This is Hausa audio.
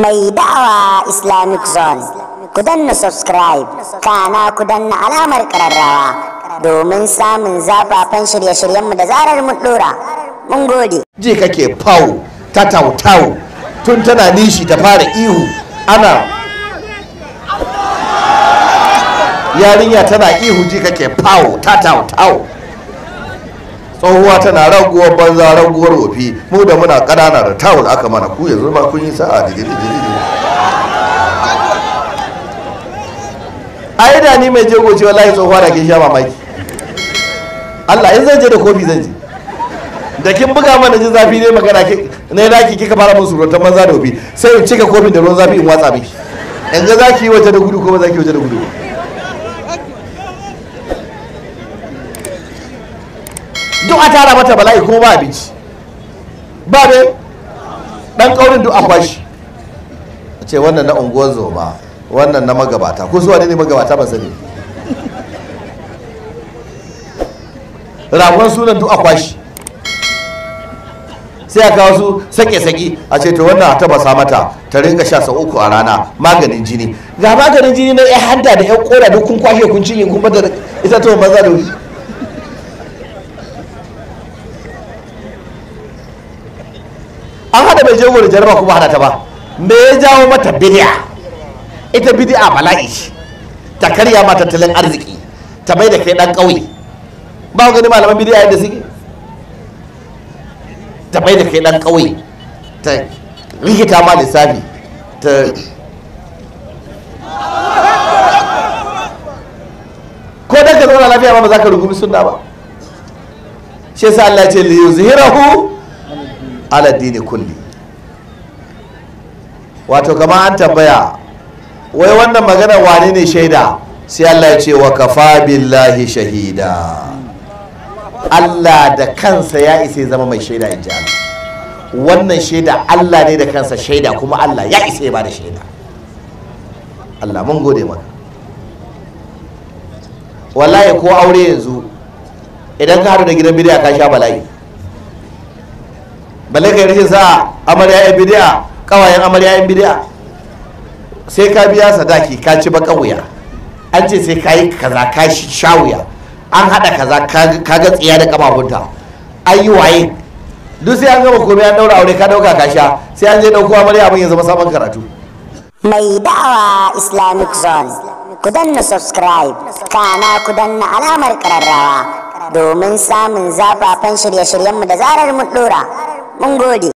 mai da'awa islamic zone ku danna subscribe kana ku danna alamar kararrawa domin samun zafafan shirye-shiryenmu da zarar mun dora mun gode ji kake fawo ta tautau tun tana nishi ta fara ihu ana yarinya tana ihu ji kake fawo ta tautau tsohuwa tana raguwar banza raguwar wofi mu da muna ƙanana da tawul aka mana ku yanzu ma kun yi sa'a digiri digiri ai da ni mai jego ce wallahi tsohuwa da ke sha mamaki Allah in zan je da kofi zan je da kin buga mana jin zafi ne magana ne ki kika fara mun surutan banza da wofi sai in cika kofin da ruwan zafi in watsa miki in ga zaki yi waje da gudu ko ba zaki waje da gudu ba duk a tara mata bala'i kuma ba abinci ba dai dan kaurin duk a kwashi a ce wannan na unguwar zoma wannan na magabata ko zuwa ne magabata ba sani ragon sunan duk a kwashi sai a kawo su sake-sake a ce to wannan a basa mata ta ringa sha sau uku a rana maganin jini ga maganin jini na ya hanta da ya kora duk kun kwashe kun cinye kun bada ita to maza da bai je gore jaraba kuma hada ta ba me ya jawo mata bid'a ita bid'a bala'i ta karya ma tattalin arziki ta bai da kai dan kauye ba gani malaman bid'a yadda suke ta bai da kai dan kauye ta rikita ma lissafi ta ko dan ka zauna lafiya ba ba za ka rugumi sunna ba shi yasa Allah ya ce li yuzhirahu ala dini kulli wato kama an tambaya wai wannan magana wane ne shaida sai Allah ya ce wa kafa billahi shahida Allah da kansa ya isa zama mai shaida in ji Allah wannan shaida Allah ne da kansa shaida kuma Allah ya isa ya bada shaida Allah mun gode maka wallahi ko aure yanzu idan ka haɗu da gidan bidiya ka sha bala'i balai ka yi rashin sa amarya ya bidiya kawayen amarya yan sai ka biya sadaki ka ci baka wuya an ce sai ka yi kaza ka sha wuya an haɗa kaza ka ga tsiya da kamabunta an yi waye duk sai an gama komai an daura aure ka dauka ka sha sai an je dauko amarya abin ya zama sabon karatu mai da'awa islamic zone ku danna subscribe kana ku danna alamar kararrawa domin samun zafafen shirye-shiryenmu da zarar mun dora mun gode